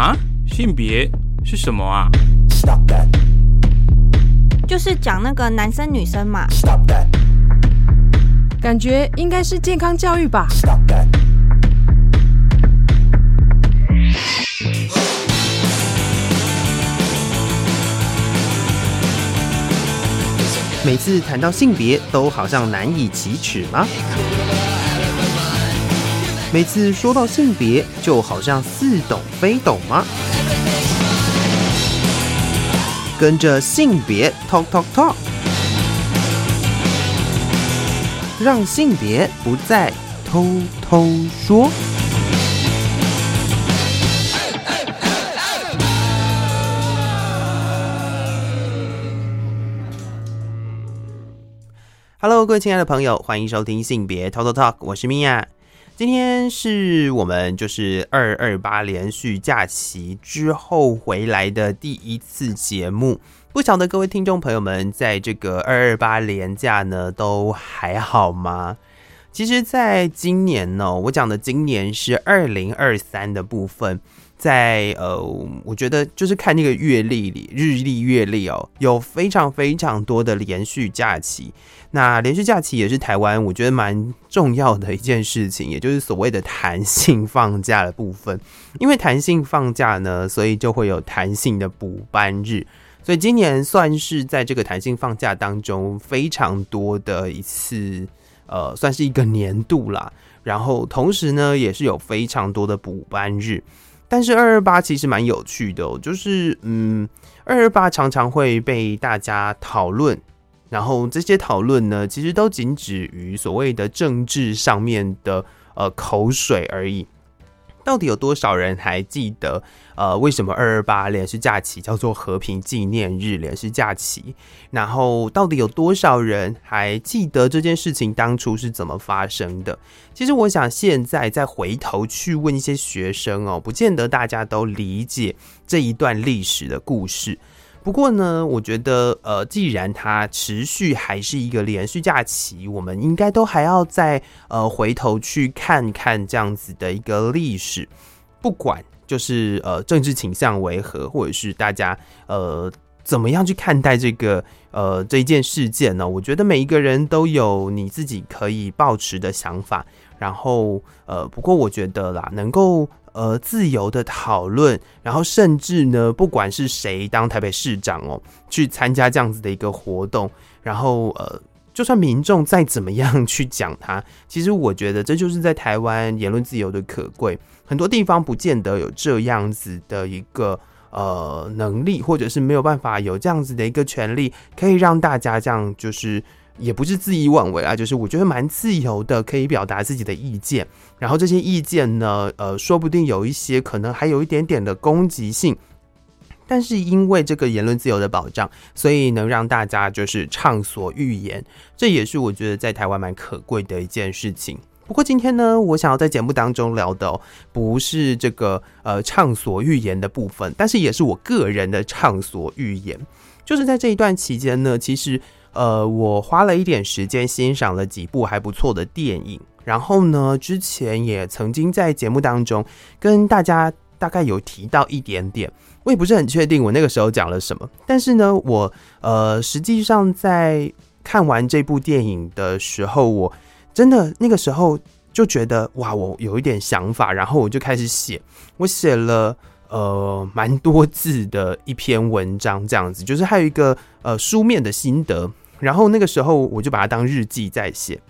啊，性別是什麼啊？Stop that. 就是講那個男生女生嘛。Stop that. 感覺應該是健康教育吧？Stop that. 嗯，每次談到性別，都好像難以啟齒嗎？每次說到性別，就好像似懂非懂嗎？S 跟着性別 talk talk talk， 讓性別不再偷偷說。Hello，各位親愛的朋友，歡迎收聽性別 talk talk talk，我是 Mia。今天是我們就是二二八連續假期之後回來的第一次節目，不曉得各位聽眾朋友們在這個二二八連假呢都還好嗎？其實在今年呢，喔，我講的今年是二零二三的部分。在呃，我覺得就是看那個月曆裡、日曆、月曆哦，有非常非常多的連續假期。那連續假期也是台灣我覺得蠻重要的一件事情，也就是所謂的彈性放假的部分。因為彈性放假呢，所以就會有彈性的補班日。所以今年算是在這個彈性放假當中非常多的一次，呃，算是一個年度啦。然後同時呢，也是有非常多的補班日。但是二二八其實蠻有趣的喔，就是，嗯，二二八常常會被大家討論，然後這些討論呢，其實都僅止於所謂的政治上面的呃口水而已。到底有多少人還記得？呃，為什麼二二八連續假期，叫做和平紀念日，連續假期？然後到底有多少人還記得這件事情當初是怎麼發生的？其實我想現在再回頭去問一些學生哦、喔，不見得大家都理解這一段歷史的故事。不過呢，我覺得，呃，既然它持續還是一個連續假期，我們應該都還要再，呃，回頭去看看這樣子的一個歷史，不管就是呃政治傾向為何，或者是大家呃怎麼樣去看待這個呃這一件事件呢？我覺得每一個人都有你自己可以抱持的想法，然後呃，不過我覺得啦，能夠。呃，自由的討論，然後甚至呢，不管是誰當台北市長哦，去參加這樣子的一個活動，然後呃，就算民眾再怎麼樣去講他，其實我覺得這就是在台灣言論自由的可貴，很多地方不見得有這樣子的一個呃能力，或者是沒有辦法有這樣子的一個權利，可以讓大家這樣就是。也不是恣意妄為啊，就是我覺得蠻自由的，可以表達自己的意見。然後這些意見呢，呃，說不定有一些可能還有一點點的攻擊性，但是因為這個言論自由的保障，所以能讓大家就是暢所欲言。這也是我覺得在台灣蠻可貴的一件事情。不過今天呢，我想要在節目當中聊的不是這個呃暢所欲言的部分，但是也是我個人的暢所欲言，就是在這一段期間呢，其實。呃，我花了一點時間欣賞了幾部還不錯的電影，然後呢，之前也曾經在節目當中跟大家大概有提到一點點，我也不是很確定我那個時候講了什麼。但是呢，我呃，實際上在看完這部電影的時候，我真的那個時候就覺得哇，我有一點想法，然後我就開始寫，我寫了呃蠻多字的一篇文章，這樣子，就是還有一個呃書面的心得。然後那個時候我就把它當日記在寫，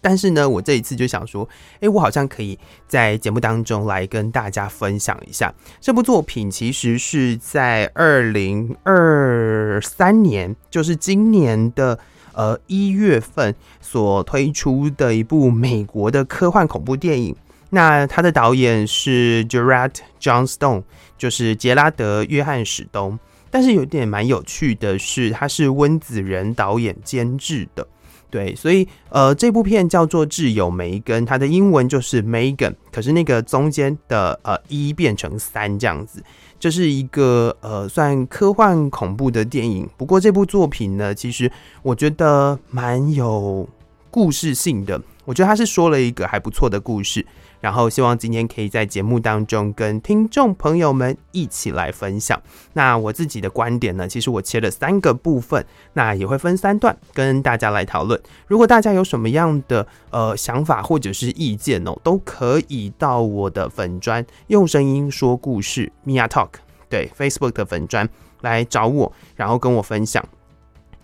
但是呢，我這一次就想說，誒，我好像可以在節目當中來跟大家分享一下，這部作品其實是在二零二三年，就是今年的呃一月份所推出的一部美國的科幻恐怖電影。那它的導演是 Gerard Johnstone 就是傑拉德約翰史東。但是有一點蠻有趣的是，它是溫子仁導演監製的，對，所以呃，這部片叫做《窒友梅根》，它的英文就是 Megan，可是那個中間的呃一變成三這樣子，這、就是一個呃算科幻恐怖的電影。不過這部作品呢，其實我覺得蠻有故事性的。我覺得他是說了一個還不錯的故事，然後希望今天可以在節目當中跟聽眾朋友們一起來分享。那我自己的觀點呢，其實我切了三個部分，那也會分三段跟大家來討論。如果大家有什麼樣的呃想法或者是意見哦、喔，都可以到我的粉專用聲音說故事 Mia Talk 對 Facebook 的粉專來找我，然後跟我分享。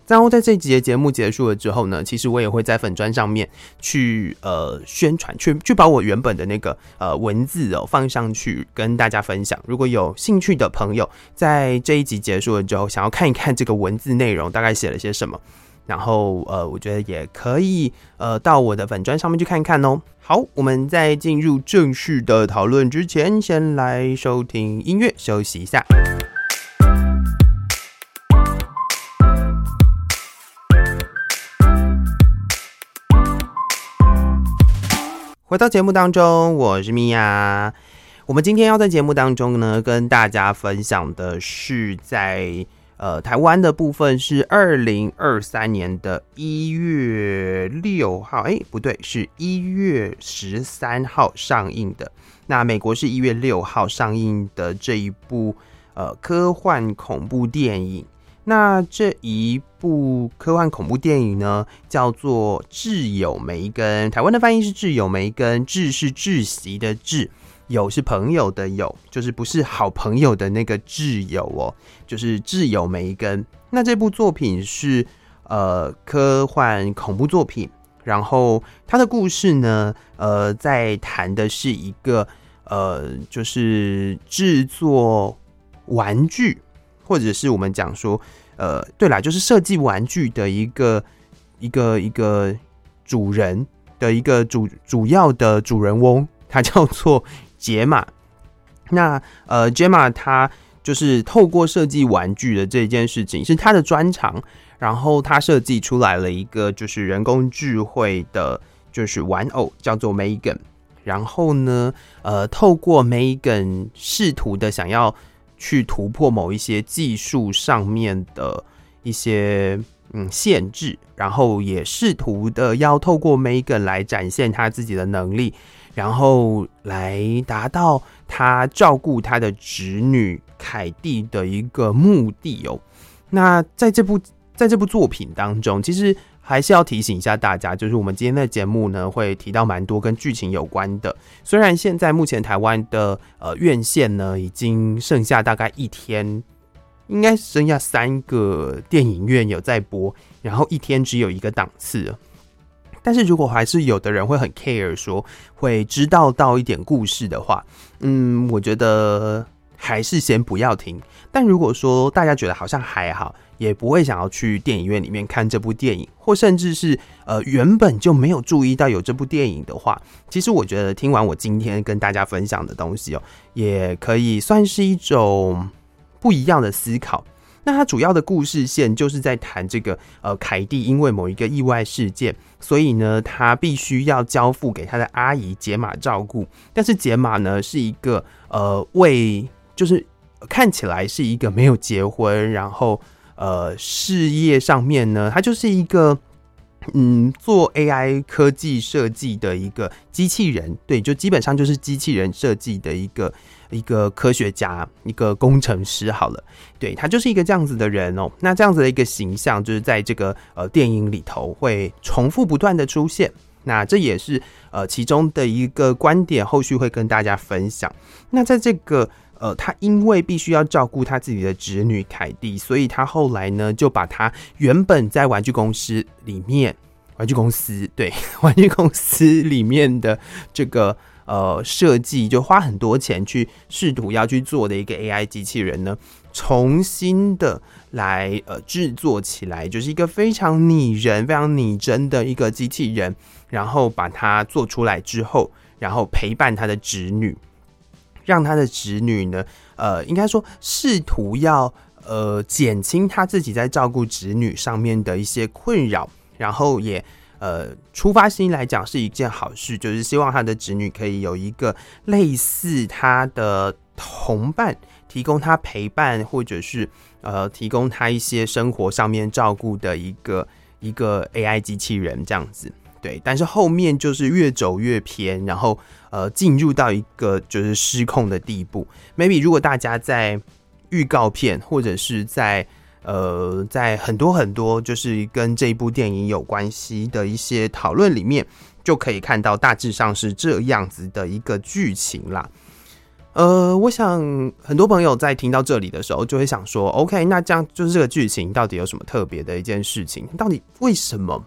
然後在這一集的節目結束了之後呢，其實我也會在粉專上面去呃宣傳，去去把我原本的那個呃文字哦放上去跟大家分享。如果有興趣的朋友，在這一集結束了之後想要看一看這個文字內容大概寫了些什麼，然後呃我覺得也可以呃到我的粉專上面去看看哦。好，我們在進入正式的討論之前，先來收聽音樂休息一下。回到節目當中，我是米婭。我們今天要在節目當中呢，跟大家分享的是在呃台灣的部分是二零二三年的一月六號，哎、欸，不對，是一月十三號上映的。那美國是一月六號上映的這一部呃科幻恐怖電影。那這一部科幻恐怖電影呢，叫做《窒友梅根》，台灣的翻譯是《窒友梅根》智智，窒是窒息的窒，友是朋友的友，就是不是好朋友的那個窒友哦，就是《窒友梅根》。那這部作品是呃科幻恐怖作品，然後它的故事呢，呃，在談的是一個呃，就是製作玩具。或者是我們講說，呃，對啦，就是設計玩具的一個一個一個主人的一個主主要的主人翁，他叫做傑瑪。那呃，傑瑪他就是透過設計玩具的這件事情是他的專長，然後他設計出來了一個就是人工智慧的，就是玩偶叫做 Megan。然後呢，呃，透過 Megan 試圖的想要。去突破某一些技術上面的一些嗯限制，然後也試圖的要透過梅根來展現他自己的能力，然後來達到他照顧他的侄女凱蒂的一個目的哦。那在這部在這部作品當中，其實。還是要提醒一下大家，就是我們今天的節目呢，會提到蠻多跟劇情有關的。雖然現在目前台灣的呃院線呢，已經剩下大概一天，應該剩下三個電影院有在播，然後一天只有一個檔次。但是如果還是有的人會很 care 說會知道到一點故事的話，嗯，我覺得。還是先不要聽。但如果說大家覺得好像還好，也不會想要去電影院裡面看這部電影，或甚至是呃原本就沒有注意到有這部電影的話，其實我覺得聽完我今天跟大家分享的東西哦、喔，也可以算是一種不一樣的思考。那它主要的故事線就是在談這個呃凱蒂因為某一個意外事件，所以呢他必須要交付給他的阿姨傑瑪照顧。但是傑瑪呢是一個呃為就是看起來是一個沒有結婚，然後呃，事業上面呢，他就是一個嗯，做 AI 科技設計的一個機器人，對，就基本上就是機器人設計的一個一個科學家，一個工程師。好了，對，他就是一個這樣子的人哦。那這樣子的一個形象，就是在這個呃電影裡頭會重複不斷的出現。那這也是呃其中的一個觀點，後續會跟大家分享。那在這個。呃，他因為必須要照顧他自己的侄女凱蒂，所以他後來呢，就把他原本在玩具公司裡面，玩具公司，對，玩具公司裡面的這個呃設計，就花很多錢去試圖要去做的一個 AI 機器人呢，重新的來呃制作起來，就是一個非常擬人、非常擬真的一個機器人，然後把它做出來之後，然後陪伴他的侄女。讓他的侄女呢，呃，應該說試圖要呃減輕他自己在照顧侄女上面的一些困擾，然後也呃出發心來講是一件好事，就是希望他的侄女可以有一個類似他的同伴，提供他陪伴，或者是呃提供他一些生活上面照顧的一個一個 AI 機器人這樣子。對，但是後面就是越走越偏，然後呃，進入到一個就是失控的地步。Maybe 如果大家在預告片，或者是在呃，在很多很多就是跟這一部電影有關係的一些討論裡面，就可以看到大致上是這樣子的一個劇情啦。呃，我想很多朋友在聽到這裡的時候，就會想說，OK，那這樣就是這個劇情到底有什麼特別的一件事情？到底為什麼？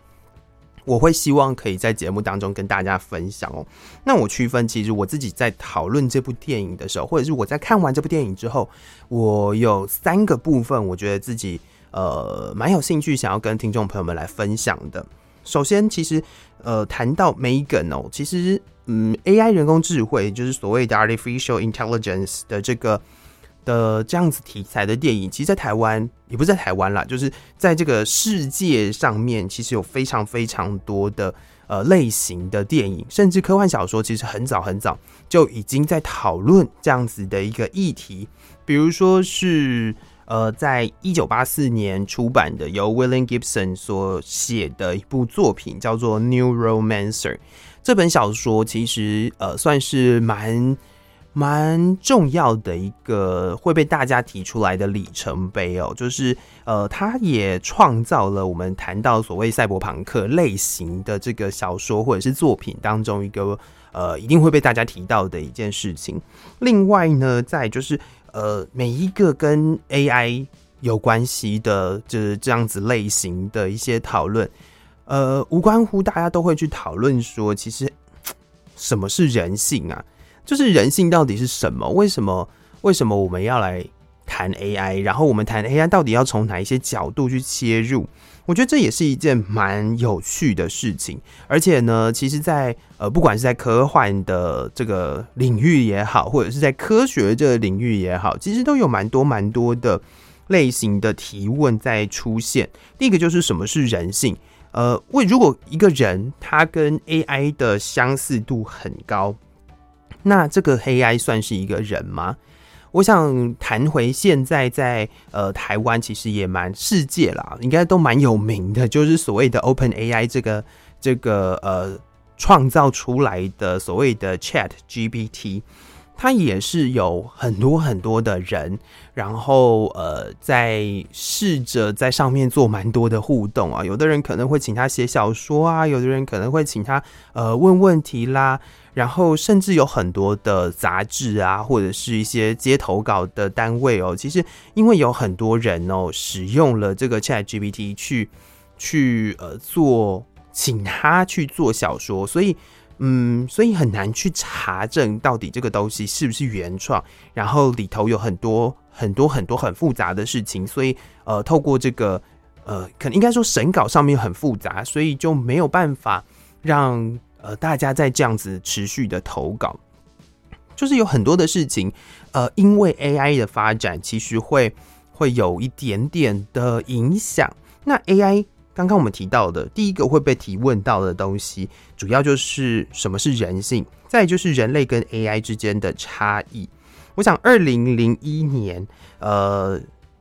我會希望可以在節目當中跟大家分享哦。那我區分，其實我自己在討論這部電影的時候，或者是我在看完這部電影之後，我有三個部分，我覺得自己呃蠻有興趣想要跟聽眾朋友們來分享的。首先，其實呃談到 Megan 哦，其實嗯，AI 人工智慧就是所謂的 Artificial Intelligence 的這個，的這樣子題材的電影，其實，在台灣也不是在台灣啦，就是在這個世界上面，其實有非常非常多的呃類型的電影，甚至科幻小說，其實很早很早就已經在討論這樣子的一個議題。比如說是呃，在一九八四年出版的由 William Gibson 所寫的一部作品，叫做《Neuromancer》這本小說其實呃算是蠻。蠻重要的一個會被大家提出來的里程碑哦，就是呃，他也創造了我們談到所謂賽博朋克類型的這個小說或者是作品當中一個呃一定會被大家提到的一件事情。另外呢，在就是呃每一個跟 AI 有關係的，就是這樣子類型的一些討論，呃，無關乎大家都會去討論說，其實什麼是人性啊？就是人性到底是什麼？為什麼？為什麼我們要來談 AI？然後我們談 AI 到底要從哪一些角度去切入？我覺得這也是一件蠻有趣的事情。而且呢，其實在，在呃，不管是在科幻的這個領域也好，或者是在科學這個領域也好，其實都有蠻多蠻多的類型的提問在出現。第一個就是什麼是人性？呃，為如果一個人他跟 AI 的相似度很高。那這個 AI 算是一個人嗎？我想談回現在在呃台灣，其實也蠻世界啦，應該都蠻有名的，就是所謂的 OpenAI 這個這個呃創造出來的所謂的 ChatGPT。他也是有很多很多的人，然後呃，在試着在上面做蠻多的互動啊。有的人可能會請他寫小說啊，有的人可能會請他呃問問題啦。然後甚至有很多的雜誌啊，或者是一些接投稿的單位哦。其實因為有很多人哦使用了這個 ChatGPT 去去呃做請他去做小說，所以。嗯，所以很難去查證到底這個東西是不是原創，然後裡頭有很多很多很多很複雜的事情，所以呃，透過這個呃，可能應該說審稿上面很複雜，所以就沒有辦法讓呃大家在這樣子持續的投稿，就是有很多的事情，呃，因為 AI 的發展其實會會有一點點的影響，那 AI。剛剛我們提到的第一個會被提問到的東西，主要就是什麼是人性，再就是人類跟 AI 之間的差異。我想，二零零一年，呃，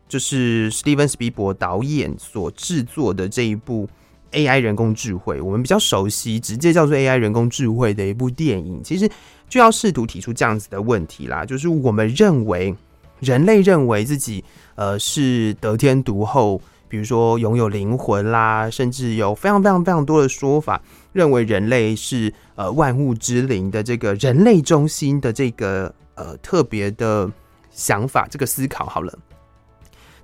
就是 Steven Spielberg 導演所製作的這一部 AI 人工智慧，我們比較熟悉，直接叫做 AI 人工智慧的一部電影，其實就要試圖提出這樣子的問題啦，就是我們認為人類認為自己呃是得天獨厚。比如說擁有靈魂啦，甚至有非常非常非常多的說法，認為人類是呃萬物之靈的這個人類中心的這個呃特別的想法，這個思考好了。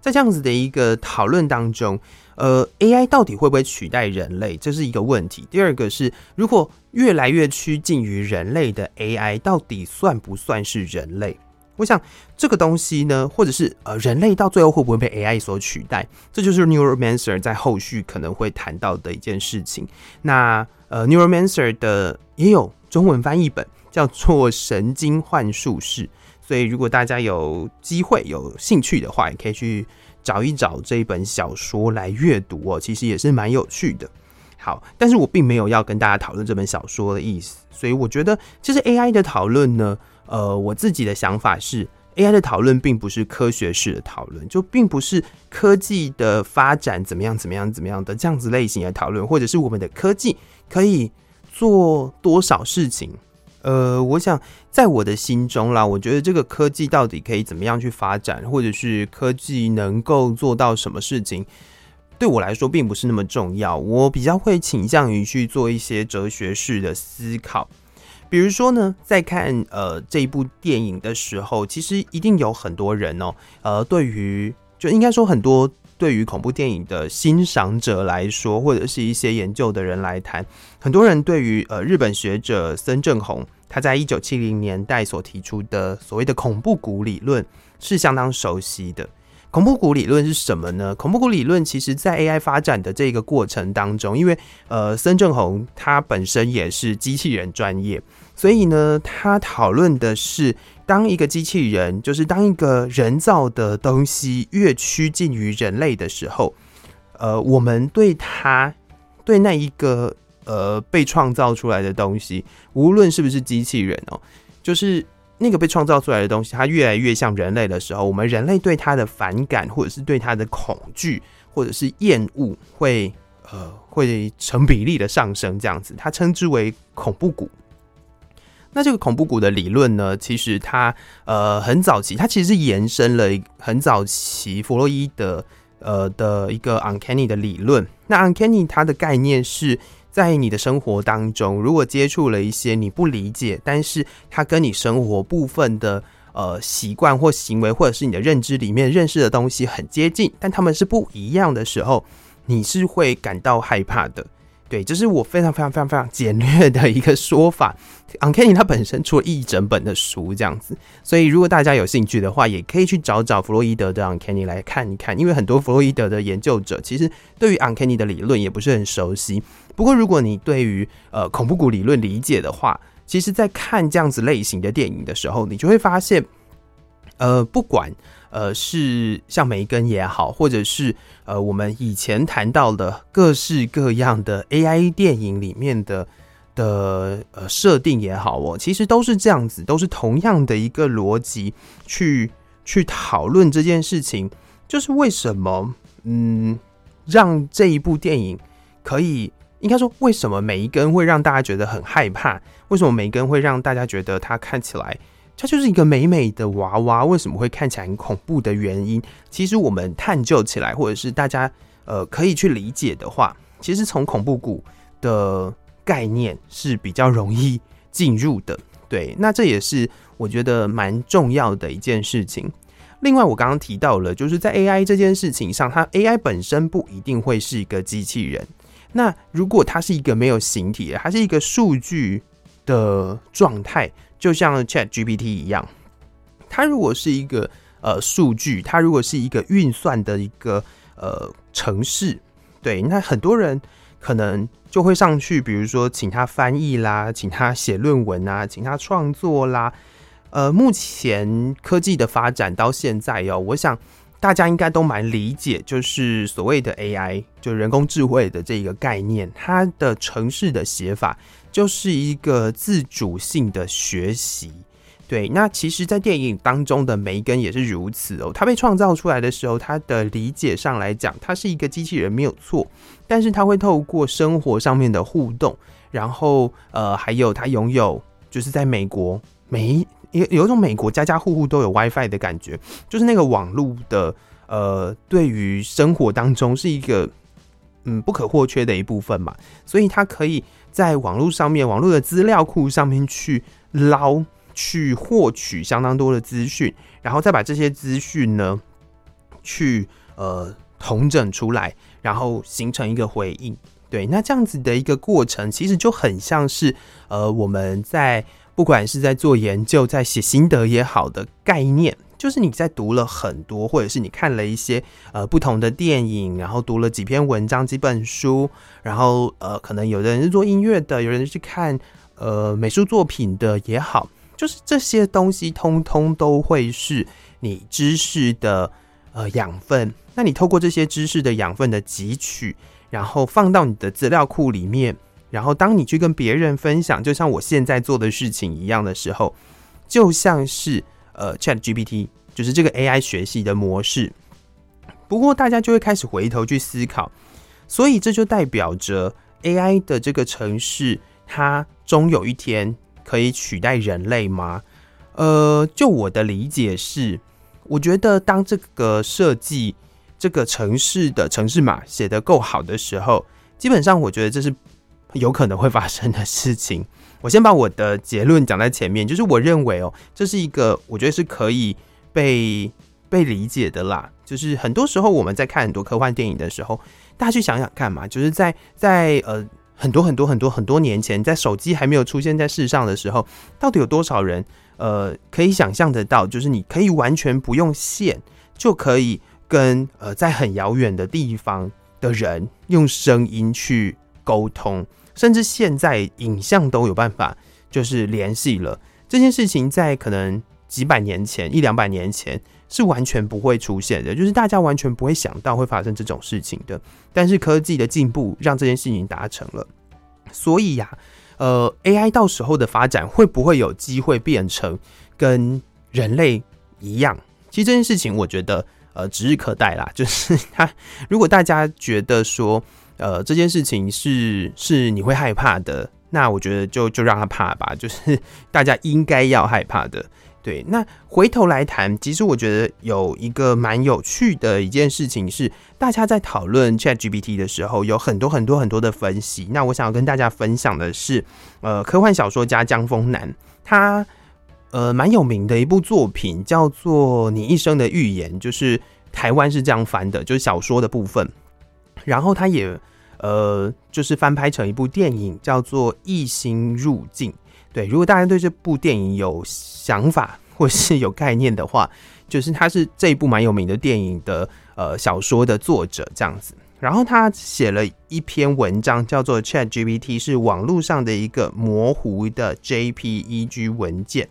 在這樣子的一個討論當中，呃，AI 到底會不會取代人類？這是一個問題。第二個是，如果越來越趨近於人類的 AI，到底算不算是人類？我想這個東西呢，或者是呃，人類到最後會不會被 AI 所取代？這就是 Neuromancer 在後續可能會談到的一件事情。那呃，Neuromancer 的也有中文翻譯本，叫做《神經幻術士》。所以如果大家有機會有興趣的話，也可以去找一找這一本小說來閱讀哦。其實也是蠻有趣的。好，但是我並沒有要跟大家討論這本小說的意思，所以我覺得其實 AI 的討論呢。呃，我自己的想法是，AI 的討論並不是科學式的討論，就並不是科技的發展怎麼樣怎麼樣怎麼樣的這樣子類型的討論，或者是我們的科技可以做多少事情。呃，我想在我的心中啦，我覺得這個科技到底可以怎麼樣去發展，或者是科技能夠做到什麼事情，對我來說並不是那麼重要。我比較會傾向於去做一些哲學式的思考。比如說呢，在看呃這一部電影的時候，其實一定有很多人哦、喔，呃，對於就應該說很多對於恐怖電影的欣賞者來說，或者是一些研究的人來談，很多人對於呃日本學者森正弘他在一九七零年代所提出的所謂的恐怖谷理論是相當熟悉的。恐怖谷理論是什麼呢？恐怖谷理論其實在 AI 發展的這個過程當中，因為呃森正弘他本身也是機器人專業。所以呢，他討論的是，當一個機器人，就是當一個人造的東西越趨近於人類的時候，呃，我們對它，對那一個呃被創造出來的東西，無論是不是機器人哦，就是那個被創造出來的東西，它越來越像人類的時候，我們人類對它的反感，或者是對它的恐懼，或者是厭惡，會呃會成比例的上升。這樣子，他稱之為恐怖谷。那這個恐怖谷的理論呢，其實它，呃，很早期，它其實是延伸了很早期弗洛伊德呃的一個 uncanny 的理論。那 uncanny 它的概念是在你的生活當中，如果接觸了一些你不理解，但是它跟你生活部分的呃習慣或行為，或者是你的認知裡面認識的東西很接近，但它們是不一樣的時候，你是會感到害怕的。對，這是我非常非常非常非常簡略的一個說法。Uncanny 它本身出了一整本的書這樣子，所以如果大家有興趣的話，也可以去找找弗洛伊德的 Uncanny 來看一看，因為很多弗洛伊德的研究者其實對於 Uncanny 的理論也不是很熟悉。不過如果你對於呃恐怖谷理論理解的話，其實在看這樣子類型的電影的時候，你就會發現，呃，不管。呃，是像梅根也好，或者是呃，我們以前談到的各式各樣的 AI 電影裡面的的呃設定也好，哦，其實都是這樣子，都是同樣的一個邏輯去去討論這件事情，就是為什麼嗯，讓這一部電影可以應該說，為什麼梅根會讓大家覺得很害怕？為什麼梅根會讓大家覺得它看起來？它就是一個美美的娃娃，為什麼會看起來很恐怖的原因？其實我們探究起來，或者是大家呃可以去理解的話，其實從恐怖谷的概念是比較容易進入的。對，那這也是我覺得蠻重要的一件事情。另外，我剛剛提到了，就是在 AI 這件事情上，它 AI 本身不一定會是一個機器人。那如果它是一個沒有形體，它是一個數據的狀態。就像 ChatGPT 一樣，它如果是一個呃數據，它如果是一個運算的一個呃程式，對，那很多人可能就會上去，比如說請他翻譯啦，請他寫論文啊，請他創作啦。呃，目前科技的發展到現在哦，我想大家應該都蠻理解，就是所謂的 AI，就人工智慧的這個概念，它的程式的寫法。就是一個自主性的學習，對。那其實，在電影當中的梅根也是如此哦。他被創造出來的時候，他的理解上來講，他是一個機器人，沒有錯。但是，他會透過生活上面的互動，然後，呃，還有他擁有，就是在美國，美，有有一種美國家家戶戶都有 WiFi 的感覺，就是那個網絡的，呃，對於生活當中是一個，嗯，不可或缺的一部分嘛，所以它可以在網絡上面、網絡的資料庫上面去撈、去獲取相當多的資訊，然後再把這些資訊呢，去呃統整出來，然後形成一個回應。對，那這樣子的一個過程，其實就很像是呃我們在不管是在做研究、在寫心得也好的概念。就是你在讀了很多，或者是你看了一些呃不同的電影，然後讀了幾篇文章、幾本書，然後呃，可能有的人是做音樂的，有人是看呃美術作品的也好，就是這些東西通通都會是你知識的呃養分。那你透過這些知識的養分的汲取，然後放到你的資料庫裡面，然後當你去跟別人分享，就像我現在做的事情一樣的時候，就像是。呃，ChatGPT 就是這個 AI 學習的模式。不過，大家就會開始回頭去思考，所以這就代表着 AI 的這個程式，它終有一天可以取代人類嗎？呃，就我的理解是，我覺得當這個設計這個程式的程式碼寫得夠好的時候，基本上我覺得這是有可能會發生的事情。我先把我的結論講在前面，就是我認為哦，這是一個我覺得是可以被被理解的啦。就是很多時候我們在看很多科幻電影的時候，大家去想想看嘛，就是在在呃很多很多很多很多年前，在手機還沒有出現在世上的時候，到底有多少人呃可以想象得到，就是你可以完全不用線就可以跟呃在很遙遠的地方的人用聲音去溝通。甚至現在影像都有辦法，就是聯繫了這件事情，在可能幾百年前、一兩百年前是完全不會出現的，就是大家完全不會想到會發生這種事情的。但是科技的進步讓這件事情達成了，所以呀、啊，呃，AI 到時候的發展會不會有機會變成跟人類一樣？其實這件事情我覺得呃指日可待啦，就是他如果大家覺得說。呃，這件事情是是你會害怕的，那我覺得就就讓他怕吧，就是大家應該要害怕的。對，那回頭來談，其實我覺得有一個蠻有趣的一件事情是，大家在討論 ChatGPT 的時候，有很多很多很多的分析。那我想要跟大家分享的是，呃，科幻小說家姜峯楠他呃蠻有名的一部作品叫做《你一生的預言》，就是台灣是這樣翻的，就是小說的部分，然後他也。呃，就是翻拍成一部電影，叫做《異星入境》。對，如果大家對這部電影有想法或是有概念的話，就是他是這一部蠻有名的電影的呃小說的作者這樣子。然後他寫了一篇文章，叫做《Chat GPT 是網絡上的一個模糊的 JPEG 文件》。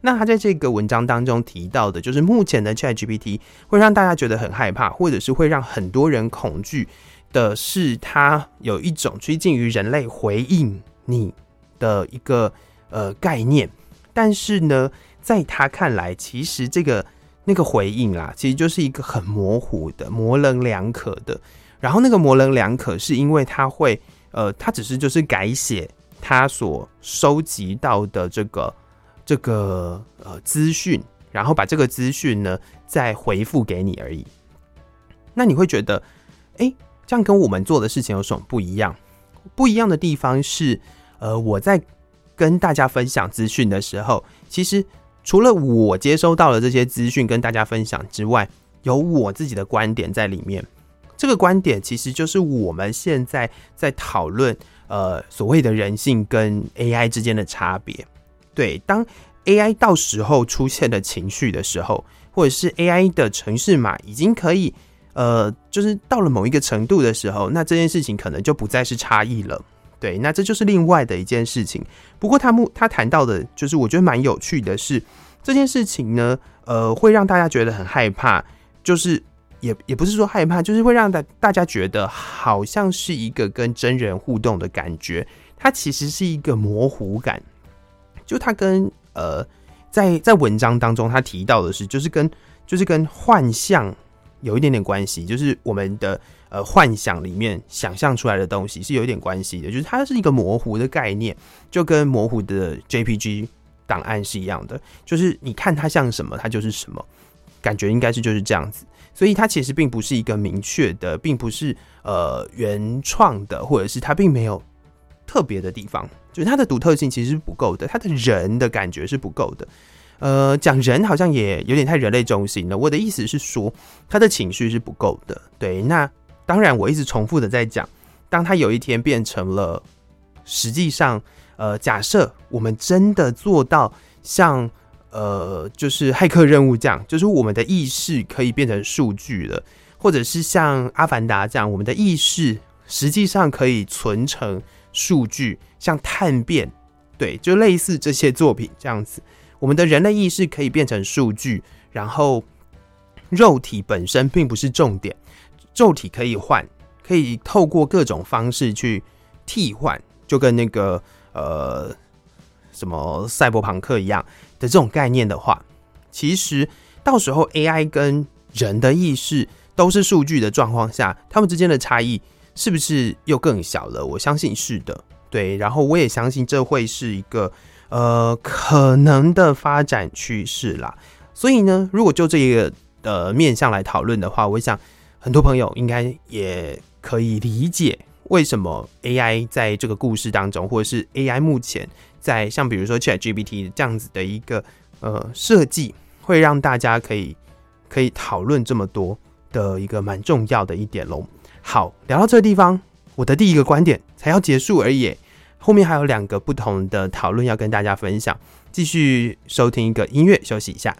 那他在這個文章當中提到的，就是目前的 Chat GPT 會讓大家覺得很害怕，或者是會讓很多人恐懼。的是，他有一種趨近於人類回應你的一個呃概念，但是呢，在他看來，其實這個那個回應啦、啊，其實就是一個很模糊的、模棱兩可的。然後那個模棱兩可，是因為他會呃，他只是就是改寫他所收集到的這個這個呃資訊，然後把這個資訊呢再回復給你而已。那你會覺得，誒、欸。像跟我們做的事情有什麼不一樣？不一樣的地方是，呃，我在跟大家分享資訊的時候，其實除了我接收到的這些資訊跟大家分享之外，有我自己的觀點在裡面。這個觀點其實就是我們現在在討論，呃，所謂的人性跟 AI 之間的差別。對，當 AI 到時候出現的情緒的時候，或者是 AI 的程式碼已經可以。呃，就是到了某一個程度的時候，那這件事情可能就不再是差異了，對，那這就是另外的一件事情。不過他目他談到的，就是我覺得蠻有趣的是，這件事情呢，呃，會讓大家覺得很害怕，就是也也不是說害怕，就是會讓大大家覺得好像是一個跟真人互動的感覺，它其實是一個模糊感。就他跟呃，在在文章當中他提到的是，就是跟就是跟幻象有一點點關係，就是我們的呃幻想裡面想象出來的東西是有點關係的，就是它是一個模糊的概念，就跟模糊的 JPG 檔案是一樣的，就是你看它像什麼，它就是什麼，感覺應該是就是這樣子，所以它其實並不是一個明確的，並不是呃原創的，或者是它並沒有特別的地方，就是它的獨特性其實是不夠的，它的人的感覺是不夠的。呃，講人好像也有點太人類中心了。我的意思是說，他的情緒是不夠的。對，那當然，我一直重複的在講，當他有一天變成了，實際上，呃，假設我們真的做到像，呃，就是駭客任務這樣，就是我們的意識可以變成數據了，或者是像阿凡達這樣，我們的意識實際上可以存成數據，像碳變，對，就類似這些作品這樣子。我們的人類意識可以變成數據，然後肉體本身並不是重點，肉體可以換，可以透過各種方式去替換，就跟那個呃什麼賽博朋克一樣的這種概念的話，其實到時候 AI 跟人的意識都是數據的狀況下，他們之間的差異是不是又更小了？我相信是的，對，然後我也相信這會是一個。呃，可能的發展趨勢啦，所以呢，如果就這一個呃面向來討論的話，我想很多朋友應該也可以理解為什麼 AI 在這個故事當中，或者是 AI 目前在像比如說 ChatGPT 這樣子的一個呃設計，會讓大家可以可以討論這麼多的一個蠻重要的一點嘍。好，聊到這個地方，我的第一個觀點才要結束而已。後面還有兩個不同的討論要跟大家分享，繼續收聽，一個音樂休息一下。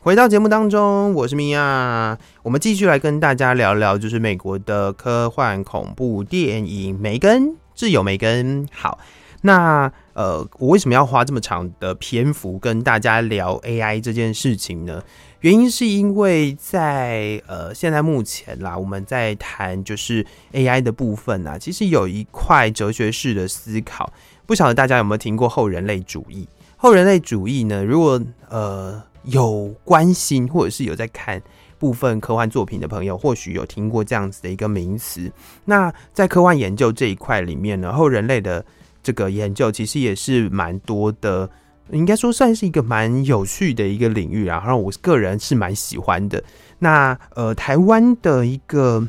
回到節目當中，我是米婭，我們繼續來跟大家聊聊，就是美國的科幻恐怖電影《梅根》，窒友《梅根》。好，那。呃，我為什麼要花這麼長的篇幅跟大家聊 AI 這件事情呢？原因是因為在呃，現在目前啦，我們在談就是 AI 的部分啊，其實有一塊哲學式的思考。不曉得大家有沒有聽過後人類主義？後人類主義呢？如果呃有關心或者是有在看部分科幻作品的朋友，或許有聽過這樣子的一個名詞。那在科幻研究這一塊裡面呢，後人類的。這個研究其實也是蠻多的，應該說算是一個蠻有趣的一個領域，然後我個人是蠻喜歡的。那呃，台灣的一個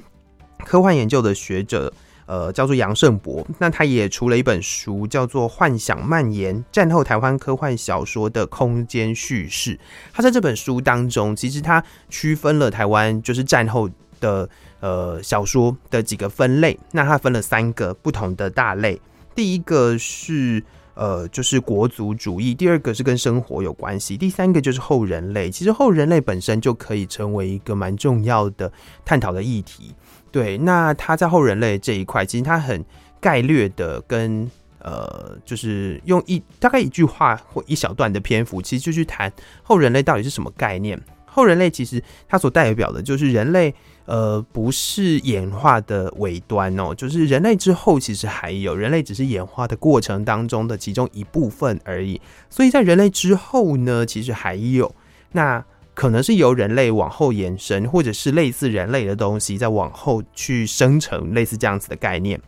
科幻研究的學者，呃，叫做楊勝博，那他也出了一本書，叫做《幻想蔓延：戰後台灣科幻小說的空間敘事》。他在這本書當中，其實他區分了台灣就是戰後的呃小說的幾個分類，那他分了三個不同的大類。第一個是呃，就是國族主義；第二個是跟生活有關係；第三個就是後人類。其實後人類本身就可以成為一個蠻重要的探討的議題。對，那他在後人類這一塊，其實他很概略的跟呃，就是用一大概一句話或一小段的篇幅，其實就去談後人類到底是什麼概念。後人類其實它所代表的就是人類，呃，不是演化的尾端哦、喔，就是人類之後其實還有，人類只是演化的過程當中的其中一部分而已。所以在人類之後呢，其實還有，那可能是由人類往後延伸，或者是類似人類的東西再往後去生成類似這樣子的概念。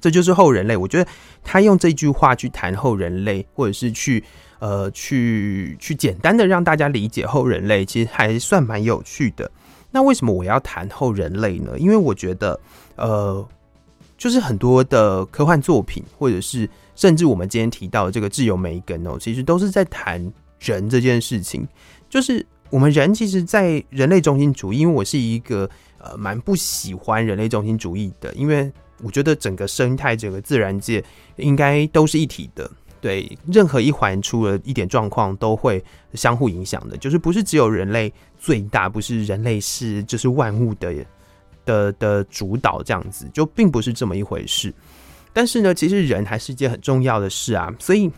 這就是後人類。我覺得他用這句話去談後人類，或者是去。呃，去去簡單的讓大家理解後人類，其實還算蠻有趣的。那為什麼我要談後人類呢？因為我覺得，呃，就是很多的科幻作品，或者是甚至我們今天提到的這個窒友梅根哦，喔，其實都是在談人這件事情。就是我們人其實，在人類中心主義，因為我是一個呃、蠻不喜歡人類中心主義的，因為我覺得整個生態、整個自然界應該都是一體的。對，任何一環出了一點狀況，都會相互影響的。就是不是只有人類最大，不是人類是就是萬物的的的主導這樣子，就並不是這麼一回事。但是呢，其實人還是一件很重要的事啊。所以，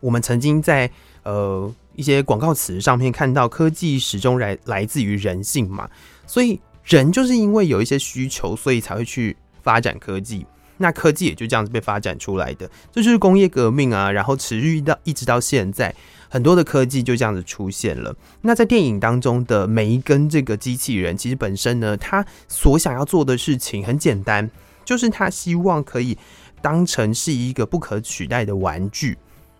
我們曾經在呃一些廣告詞上面看到，科技始終來來自於人性嘛。所以，人就是因為有一些需求，所以才會去發展科技。那科技也就這樣子被發展出來的，這就是工業革命啊，然後持續到一直到現在，很多的科技就這樣子出現了。那在電影當中的梅根這個機器人，其實本身呢，它所想要做的事情很簡單，就是它希望可以當成是一個不可取代的玩具。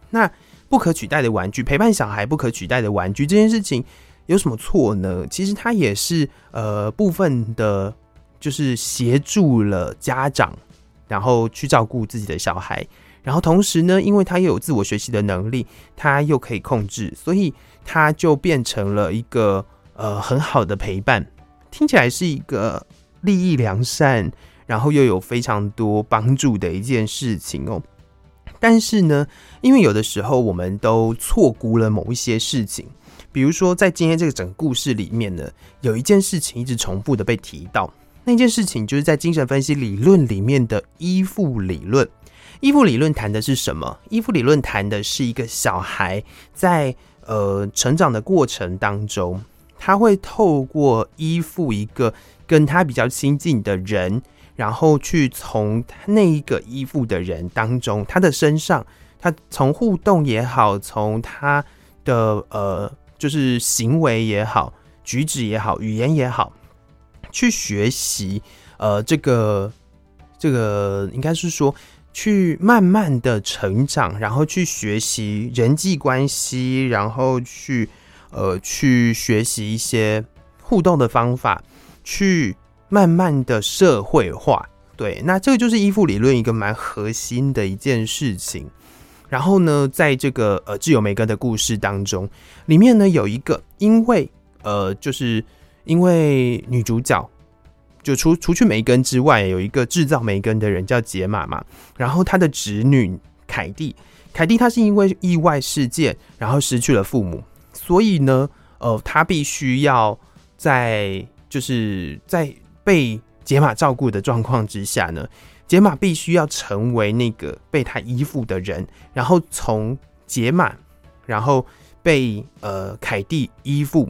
那不可取代的玩具，陪伴小孩不可取代的玩具，這件事情有什麼錯呢？其實它也是呃部分的，就是協助了家長。然後去照顧自己的小孩，然後同時呢，因為他又有自我學習的能力，他又可以控制，所以他就變成了一個呃很好的陪伴。聽起來是一個利益良善，然後又有非常多幫助的一件事情哦。但是呢，因為有的時候我們都錯估了某一些事情，比如說在今天這個整個故事裡面呢，有一件事情一直重複的被提到。那一件事情，就是在精神分析理論裡面的依附理論。依附理論談的是什麼？依附理論談的是一個小孩在呃成長的過程當中，他會透過依附一個跟他比較親近的人，然後去從那一個依附的人當中，他的身上，他從互動也好，從他的呃就是行為也好、舉止也好、語言也好。去學習，呃，這個這個應該是說，去慢慢的成長，然後去學習人際關係，然後去呃去學習一些互動的方法，去慢慢的社會化。對，那這個就是依附理論一個蠻核心的一件事情。然後呢，在這個呃窒友梅根的故事當中，裡面呢有一個，因為呃就是。因為女主角就除除去梅根之外，有一個製造梅根的人叫傑瑪嘛，然後她的侄女凱蒂，凱蒂她是因為意外事件，然後失去了父母，所以呢，呃，她必須要在就是在被傑瑪照顧的狀況之下呢，傑瑪必須要成為那個被她依附的人，然後從傑瑪，然後被呃凱蒂依附，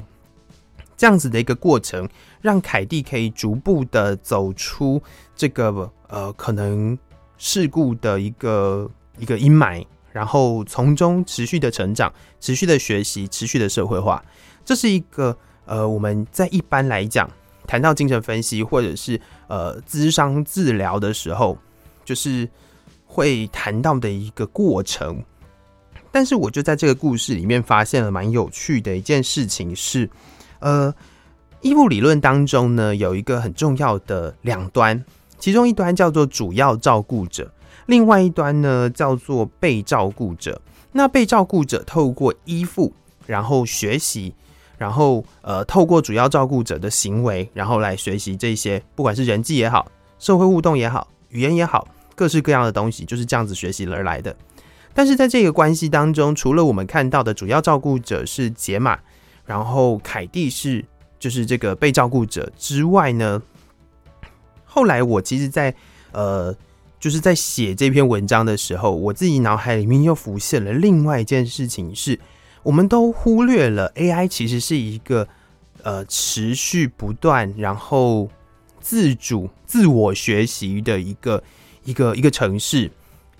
這樣子的一個過程，讓凱蒂可以逐步的走出這個呃可能事故的一個一個陰霾，然後從中持續的成長、持續的學習、持續的社會化，這是一個呃我們在一般來講談到精神分析或者是呃智商治療的時候，就是會談到的一個過程。但是我就在這個故事裡面發現了蠻有趣的一件事情是。呃，依附理論當中呢，有一個很重要的兩端，其中一端叫做主要照顧者，另外一端呢叫做被照顧者。那被照顧者透過依附，然後學習，然後呃，透過主要照顧者的行為，然後來學習這些，不管是人際也好，社會互動也好，語言也好，各式各樣的東西，就是這樣子學習而來的。但是在這個關係當中，除了我們看到的主要照顧者是傑瑪。然後凱蒂是就是這個被照顧者之外呢，後來我其實在，在呃就是在寫這篇文章的時候，我自己腦海裡面又浮現了另外一件事情是，是我們都忽略了 AI 其實是一個呃持續不斷然後自主自我學習的一個一個一個程式，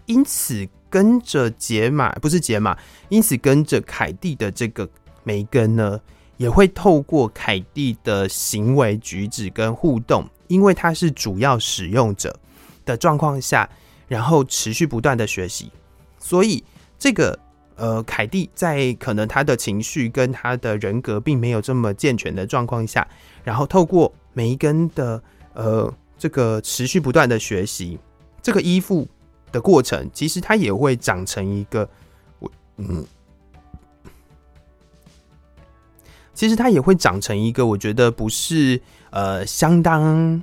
因此跟着傑瑪不是傑瑪，因此跟着凱蒂的這個。梅根呢，也會透過凱蒂的行為舉止跟互動，因為他是主要使用者的狀況下，然後持續不斷的學習。所以，這個呃，凱蒂在可能他的情緒跟他的人格並沒有這麼健全的狀況下，然後透過梅根的呃這個持續不斷的學習，這個依附的過程，其實他也會長成一個嗯。其實它也會長成一個，我覺得不是呃相當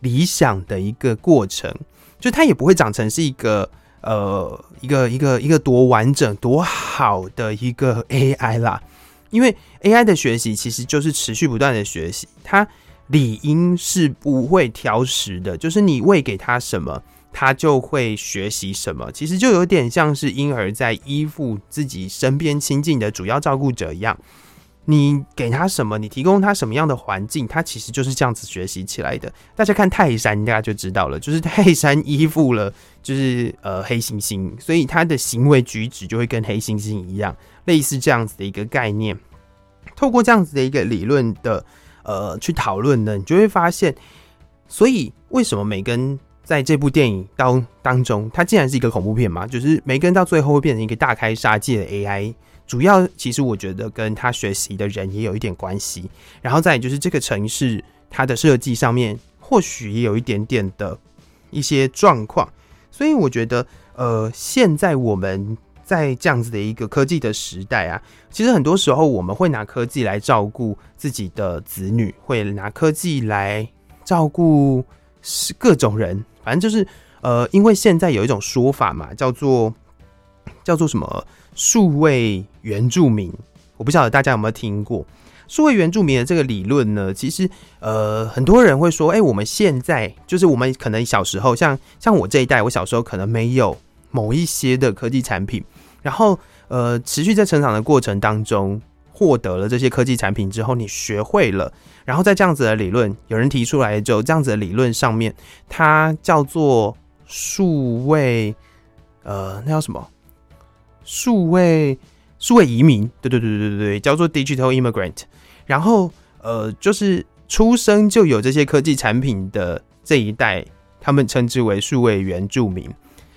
理想的一個過程，就它也不會長成是一個呃一個一個一個多完整多好的一個 AI 啦。因為 AI 的學習其實就是持續不斷的學習，它理應是不會挑食的，就是你餵給它什麼，它就會學習什麼。其實就有點像是嬰兒在依附自己身邊親近的主要照顧者一樣。你給他什麼，你提供他什麼樣的環境，他其實就是這樣子學習起來的。大家看泰山，大家就知道了，就是泰山依附了，就是呃黑猩猩，所以他的行為舉止就會跟黑猩猩一樣，類似這樣子的一個概念。透過這樣子的一個理論的呃去討論呢，你就會發現，所以為什麼梅根在這部電影當當中，他竟然是一個恐怖片嘛，就是梅根到最後會變成一個大開殺戒的 AI。主要其實我覺得跟他學習的人也有一點關係，然後再就是這個城市它的設計上面或許也有一點點的一些狀況，所以我覺得呃現在我們在這樣子的一個科技的時代啊，其實很多時候我們會拿科技來照顧自己的子女，會拿科技來照顧是各種人，反正就是呃因為現在有一種說法嘛，叫做。叫做什麼數位原住民？我不曉得大家有沒有聽過數位原住民的這個理論呢？其實，呃，很多人會說，哎、欸，我們現在就是我們可能小時候，像像我這一代，我小時候可能沒有某一些的科技產品，然後，呃，持續在成長的過程當中，獲得了這些科技產品之後，你學會了，然後在這樣子的理論，有人提出來就，這樣子的理論上面，它叫做數位，呃，那叫什麼？數位數位移民，對對對對對，叫做 digital immigrant。然後，呃，就是出生就有這些科技產品的這一代，他們稱之為數位原住民。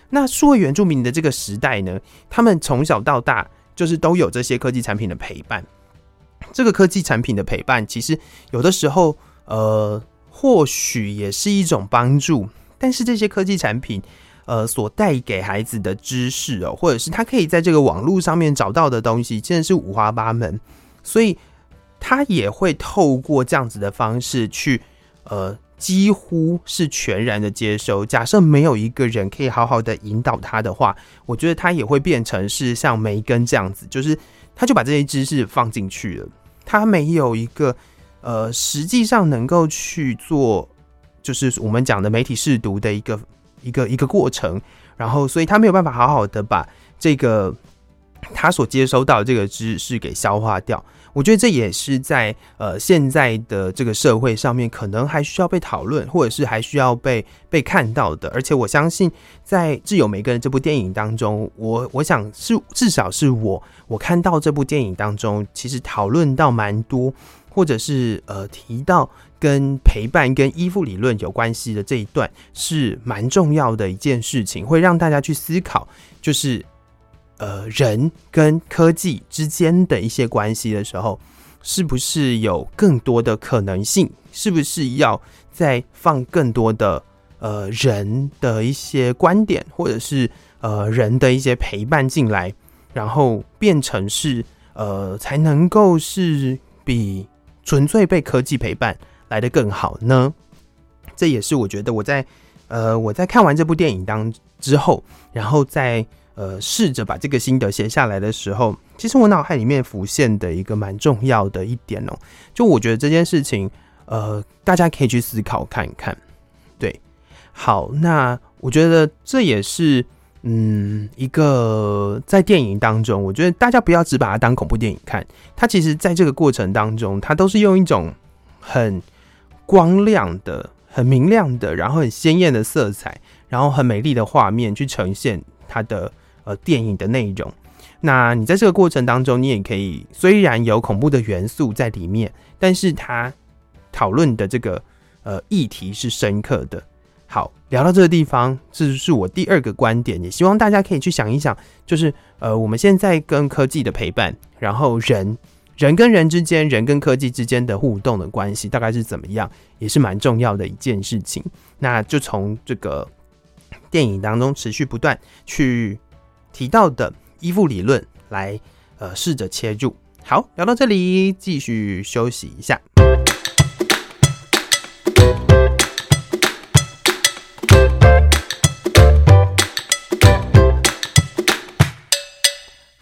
那數位原住民的這個時代呢，他們從小到大就是都有這些科技產品的陪伴。這個科技產品的陪伴，其實有的時候，呃，或許也是一種幫助，但是這些科技產品。呃，所帶給孩子的知識哦，或者是他可以在這個網絡上面找到的東西，真的是五花八門。所以，他也會透過這樣子的方式去，呃，幾乎是全然的接收。假設沒有一個人可以好好的引導他的話，我覺得他也會變成是像梅根這樣子，就是他就把這些知識放進去了，他沒有一個，呃，實際上能夠去做，就是我們講的媒體識讀的一個。一個一個過程，然後，所以他沒有辦法好好的把這個他所接收到的這個知識給消化掉。我覺得這也是在呃現在的這個社會上面，可能還需要被討論，或者是還需要被被看到的。而且我相信，在《窒友梅根》這部電影當中，我我想是至少是我我看到這部電影當中，其實討論到蠻多，或者是呃提到。跟陪伴、跟依附理論有關係的這一段是蠻重要的一件事情，會讓大家去思考，就是呃，人跟科技之間的一些關係的時候，是不是有更多的可能性？是不是要再放更多的呃人的一些觀點，或者是呃人的一些陪伴進來，然後變成是呃才能夠是比純粹被科技陪伴，來的更好呢？這也是我覺得我在呃，我在看完這部電影當之後，然後再呃試着把這個心得寫下來的時候，其實我腦海裡面浮現的一個蠻重要的一點哦，就我覺得這件事情呃大家可以去思考看一看。對，好，那我覺得這也是嗯一個在電影當中，我覺得大家不要只把它當恐怖電影看，它其實在這個過程當中，它都是用一種很。光亮的、很明亮的，然後很鮮艷的色彩，然後很美麗的畫面去呈現它的呃電影的內容。那你在這個過程當中，你也可以雖然有恐怖的元素在裡面，但是它討論的這個呃議題是深刻的。好，聊到這個地方，這是我第二個觀點，也希望大家可以去想一想，就是呃我們現在跟科技的陪伴，然後人，人跟人之間、人跟科技之間的互動的關係大概是怎麼樣，也是蠻重要的一件事情。那就從這個電影當中持續不斷去提到的依附理論來，呃，試着切入。好，聊到這裡，繼續休息一下。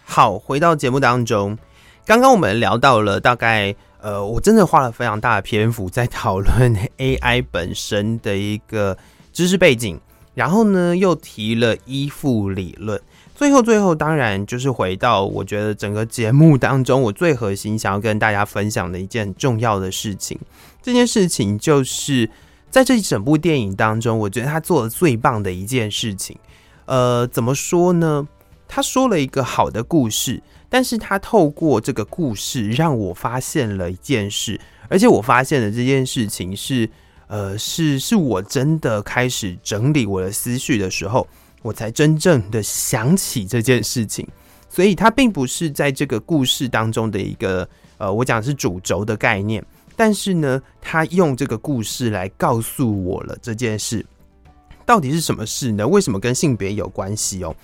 好，回到節目當中。剛剛我們聊到了大概，呃，我真的花了非常大的篇幅在討論 AI 本身的一個知識背景，然後呢，又提了依附理論，最後最後當然就是回到我覺得整個節目當中，我最核心想要跟大家分享的一件很重要的事情。這件事情就是在這一整部電影當中，我覺得他做的最棒的一件事情，呃，怎麼說呢？他說了一個好的故事。但是他透過這個故事讓我發現了一件事，而且我發現了這件事情是，呃，是是我真的開始整理我的思緒的時候，我才真正的想起這件事情。所以，他並不是在這個故事當中的一個，呃，我講是主軸的概念，但是呢，他用這個故事來告訴我了這件事到底是什麼事呢？為什麼跟性別有關係哦？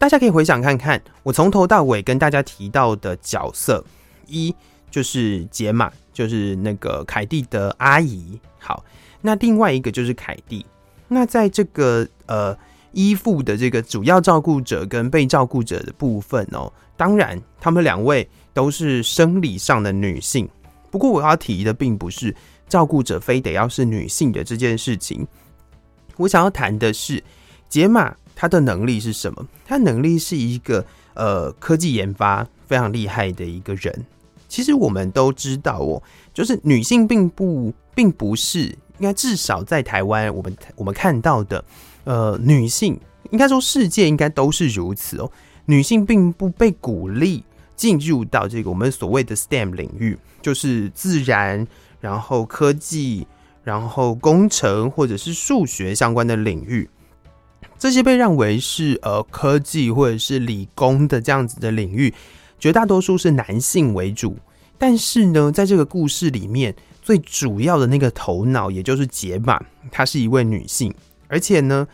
大家可以回想看看，我從頭到尾跟大家提到的角色，一就是傑瑪，就是那個凱蒂的阿姨。好，那另外一個就是凱蒂。那在這個呃依附的這個主要照顧者跟被照顧者的部分哦，當然他們兩位都是生理上的女性。不過我要提的並不是照顧者非得要是女性的這件事情。我想要談的是傑瑪。他的能力是什麼？他的能力是一個呃科技研發非常厲害的一個人。其實我們都知道哦，就是女性並不並不是應該，至少在台灣我們我們看到的呃女性，應該說世界應該都是如此哦。女性並不被鼓勵進入到這個我們所謂的 STEM 領域，就是自然，然後科技，然後工程或者是數學相關的領域。這些被認為是呃科技或者是理工的這樣子的領域，絕大多數是男性為主。但是呢，在這個故事裡面，最主要的那個頭腦，也就是杰瑪，她是一位女性，而且呢，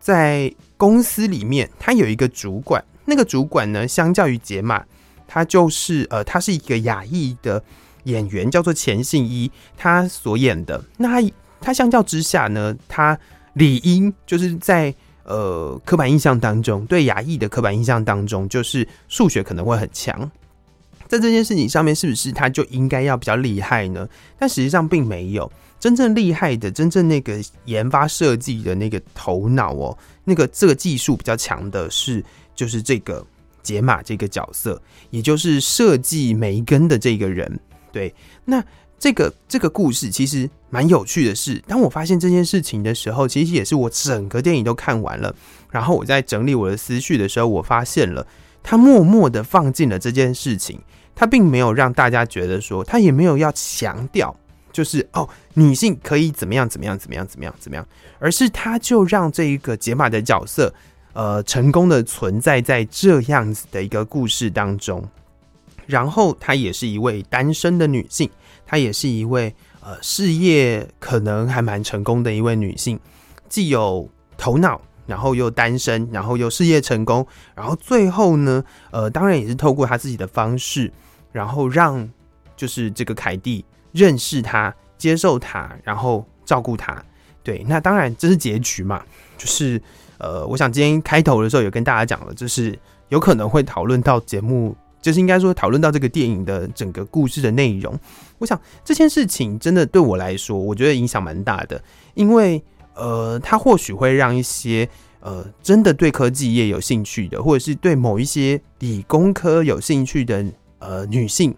在公司裡面，她有一個主管。那個主管呢，相較於杰瑪，她就是呃，她是一個亞裔的演員，叫做錢信伊，她所演的。那她她相較之下呢，她理應就是在。呃，刻板印象當中，對亞裔的刻板印象當中，就是數學可能會很強。在這件事情上面，是不是他就應該要比較厲害呢？但實際上並沒有，真正厲害的、真正那個研發設計的那個頭腦哦、喔，那個這個技術比較強的是，就是這個解碼這個角色，也就是設計梅根的這個人。對，那。這個這個故事其實蠻有趣的是，當我發現這件事情的時候，其實也是我整個電影都看完了。然後我在整理我的思緒的時候，我發現了他默默的放進了這件事情，他並沒有讓大家覺得說，他也沒有要強調，就是哦，女性可以怎麼樣怎麼樣怎麼樣怎麼樣怎麼樣，而是他就讓這一個解碼的角色，呃，成功的存在在這樣子的一個故事當中。然後，她也是一位單身的女性。她也是一位呃事業可能還蠻成功的一位女性，既有頭腦，然後又單身，然後又事業成功，然後最後呢，呃，當然也是透過她自己的方式，然後讓就是這個凱蒂認識她、接受她，然後照顧她。對，那當然這是結局嘛，就是呃，我想今天開頭的時候有跟大家講了，就是有可能會討論到節目。就是應該說，討論到這個電影的整個故事的內容，我想這件事情真的對我來說，我覺得影響蠻大的，因為呃，它或許會讓一些呃，真的對科技業有興趣的，或者是對某一些理工科有興趣的呃女性，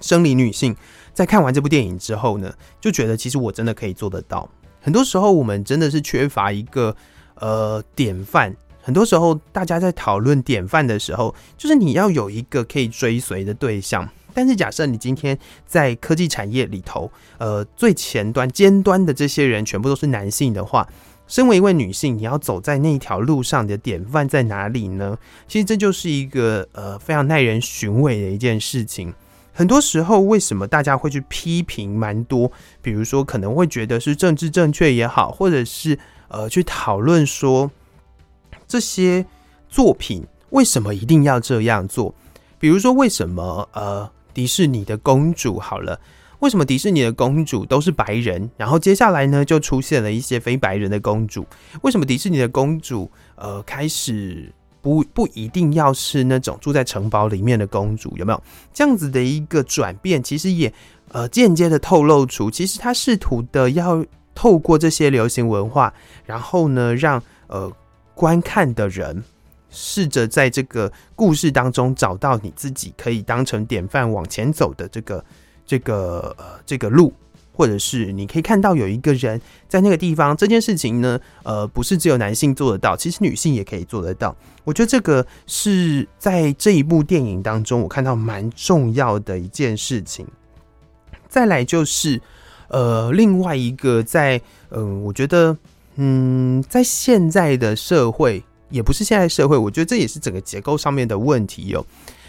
生理女性，在看完這部電影之後呢，就覺得其實我真的可以做得到。很多時候我們真的是缺乏一個呃典範。很多時候，大家在討論典範的時候，就是你要有一個可以追隨的對象。但是，假設你今天在科技產業裡頭，呃，最前端、尖端的這些人全部都是男性的話，身為一位女性，你要走在那一條路上，你的典範在哪裡呢？其實這就是一個呃非常耐人尋味的一件事情。很多時候，為什麼大家會去批評蠻多？比如說，可能會覺得是政治正確也好，或者是呃去討論說…這些作品為什麼一定要這樣做？比如說，為什麼呃迪士尼的公主好了？為什麼迪士尼的公主都是白人？然後接下來呢，就出現了一些非白人的公主。為什麼迪士尼的公主呃開始不不一定要是那種住在城堡裡面的公主？有沒有這樣子的一個轉變？其實也呃間接的透露出，其實他試圖的要透過這些流行文化，然後呢，讓呃。觀看的人，試着在這個故事當中找到你自己可以當成典範往前走的這個這個呃這個路，或者是你可以看到有一個人在那個地方這件事情呢，呃，不是只有男性做得到，其實女性也可以做得到。我覺得這個是在這一部電影當中我看到蠻重要的一件事情。再來就是呃另外一個在嗯、呃，我覺得。嗯，在現在的社會，也不是現在社會，我覺得這也是整個結構上面的問題喲、喔。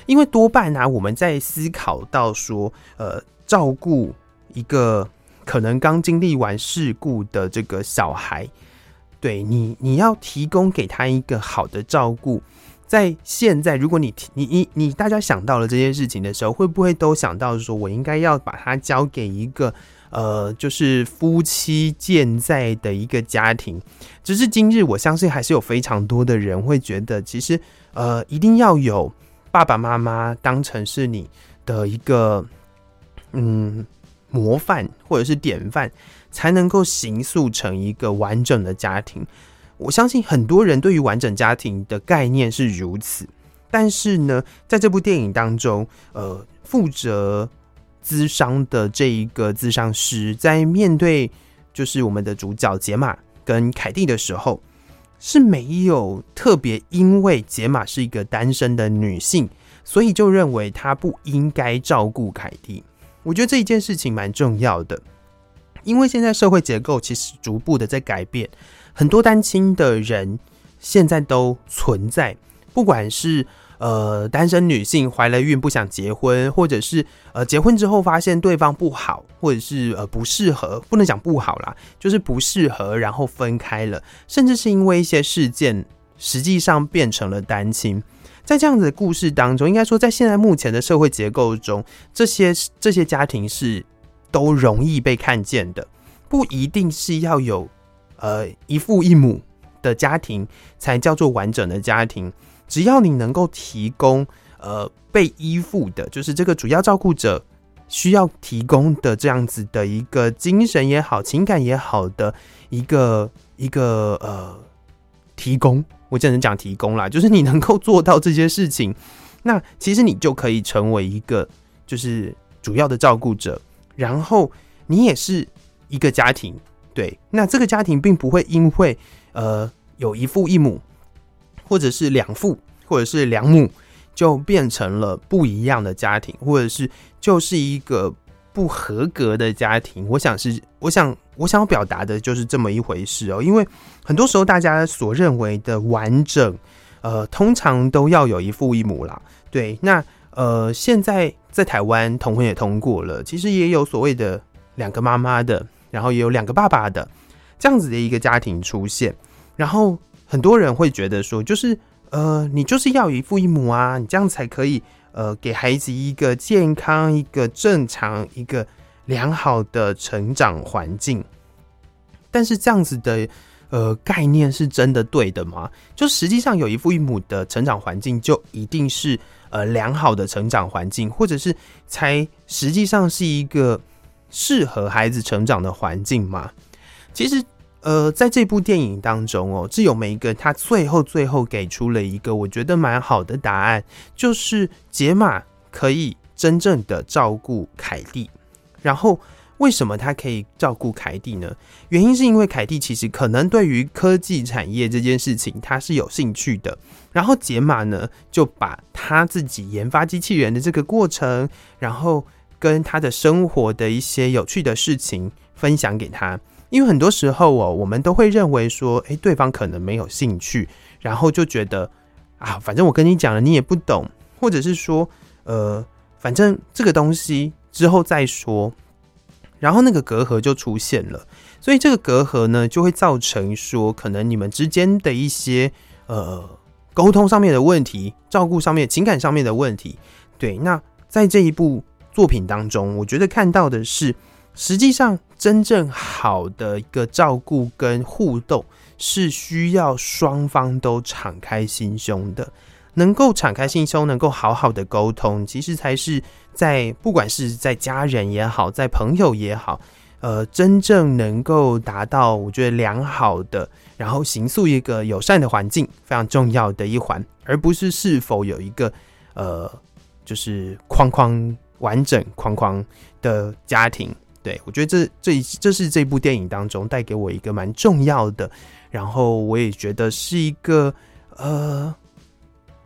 因為多半呢、啊，我們在思考到說，呃，照顧一個可能剛經歷完事故的這個小孩，對你，你要提供給他一個好的照顧。在現在，如果你你你你大家想到了這件事情的時候，會不會都想到說，我應該要把它交給一個？呃，就是夫妻健在的一個家庭，直至今日，我相信還是有非常多的人會覺得，其實呃，一定要有爸爸媽媽當成是你的一個嗯模範或者是典範，才能夠形塑成一個完整的家庭。我相信很多人對於完整家庭的概念是如此，但是呢，在這部電影當中，呃，負責諮商的這一個諮商師在面對就是我們的主角杰瑪跟凱蒂的時候，是沒有特別因為杰瑪是一個單身的女性，所以就認為她不應該照顧凱蒂。我覺得這一件事情蠻重要的，因為現在社會結構其實逐步的在改變，很多單親的人現在都存在，不管是。呃，單身女性懷了孕不想結婚，或者是呃結婚之後發現對方不好，或者是呃不適合，不能講不好啦，就是不適合，然後分開了，甚至是因爲一些事件，實際上變成了單親。在這樣子的故事當中，應該說，在現在目前的社會結構中，這些這些家庭是都容易被看見的，不一定是要有呃一父一母的家庭才叫做完整的家庭。只要你能夠提供，呃，被依附的，就是這個主要照顧者需要提供的這樣子的一個精神也好、情感也好的一個一個呃，提供，我只能講提供啦，就是你能夠做到這些事情，那其實你就可以成為一個就是主要的照顧者，然後你也是一個家庭，對，那這個家庭並不會因為呃有一父一母。或者是兩父，或者是兩母，就變成了不一樣的家庭，或者是就是一個不合格的家庭。我想是，我想，我想要表達的就是這麼一回事哦。因為很多時候大家所認為的完整，呃，通常都要有一父一母啦。對，那呃，現在在台灣同婚也通過了，其實也有所謂的兩個媽媽的，然後也有兩個爸爸的這樣子的一個家庭出現，然後。很多人會覺得說，就是呃，你就是要一父一母啊，你這樣才可以呃，給孩子一個健康、一個正常、一個良好的成長環境。但是這樣子的呃概念是真的對的嗎？就實際上有一父一母的成長環境，就一定是呃良好的成長環境，或者是才實際上是一個適合孩子成長的環境嗎？其實。呃，在這部電影當中哦、喔，窒友梅根一個他最後最後給出了一個我覺得蠻好的答案，就是傑瑪可以真正的照顧凱蒂。然後為什麼他可以照顧凱蒂呢？原因是因為凱蒂其實可能對於科技產業這件事情他是有興趣的。然後傑瑪呢，就把他自己研發機器人的這個過程，然後跟他的生活的一些有趣的事情分享給他。因為很多時候哦，我們都會認為說，誒，對方可能沒有興趣，然後就覺得啊，反正我跟你講了，你也不懂，或者是說，呃，反正這個東西之後再說，然後那個隔閡就出現了，所以這個隔閡呢，就會造成說，可能你們之間的一些呃溝通上面的問題、照顧上面、情感上面的問題。對，那在這一部作品當中，我覺得看到的是。實際上，真正好的一個照顧跟互動，是需要雙方都敞開心胸的。能夠敞開心胸，能夠好好的溝通，其實才是在不管是在家人也好，在朋友也好，呃，真正能夠達到我覺得良好的，然後形塑一個友善的環境，非常重要的一環，而不是是否有一個呃，就是框框完整框框的家庭。對，我覺得這這這是這一部電影當中帶給我一個蠻重要的，然後我也覺得是一個呃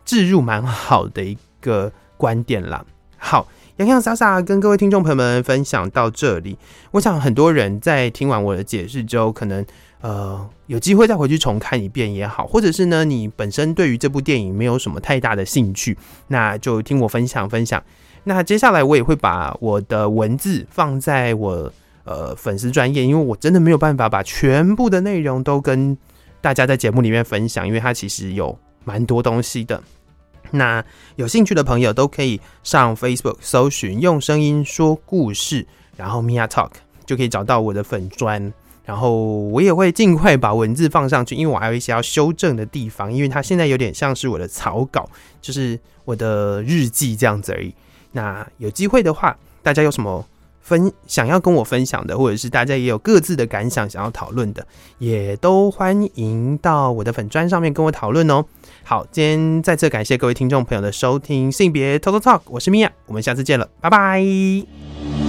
置入蠻好的一個觀點啦，好，洋洋灑灑跟各位聽眾朋友們分享到這裡，我想很多人在聽完我的解釋之後，可能呃有機會再回去重看一遍也好，或者是呢你本身對於這部電影沒有什麼太大的興趣，那就聽我分享分享。那接下來我也會把我的文字放在我呃粉絲專頁，因為我真的沒有辦法把全部的內容都跟大家在節目裡面分享，因為它其實有蠻多東西的。那有興趣的朋友都可以上 Facebook 搜尋“用聲音說故事”，然後 Mia Talk 就可以找到我的粉專。然後我也會盡快把文字放上去，因為我還有一些要修正的地方，因為它現在有點像是我的草稿，就是我的日記這樣子而已。那有機會的話，大家有什麼分想要跟我分享的，或者是大家也有各自的感想想要討論的，也都歡迎到我的粉專上面跟我討論哦。好，今天再次感謝各位聽眾朋友的收聽《性別 TOTO Talk》，我是 Mia，我們下次見了，拜拜。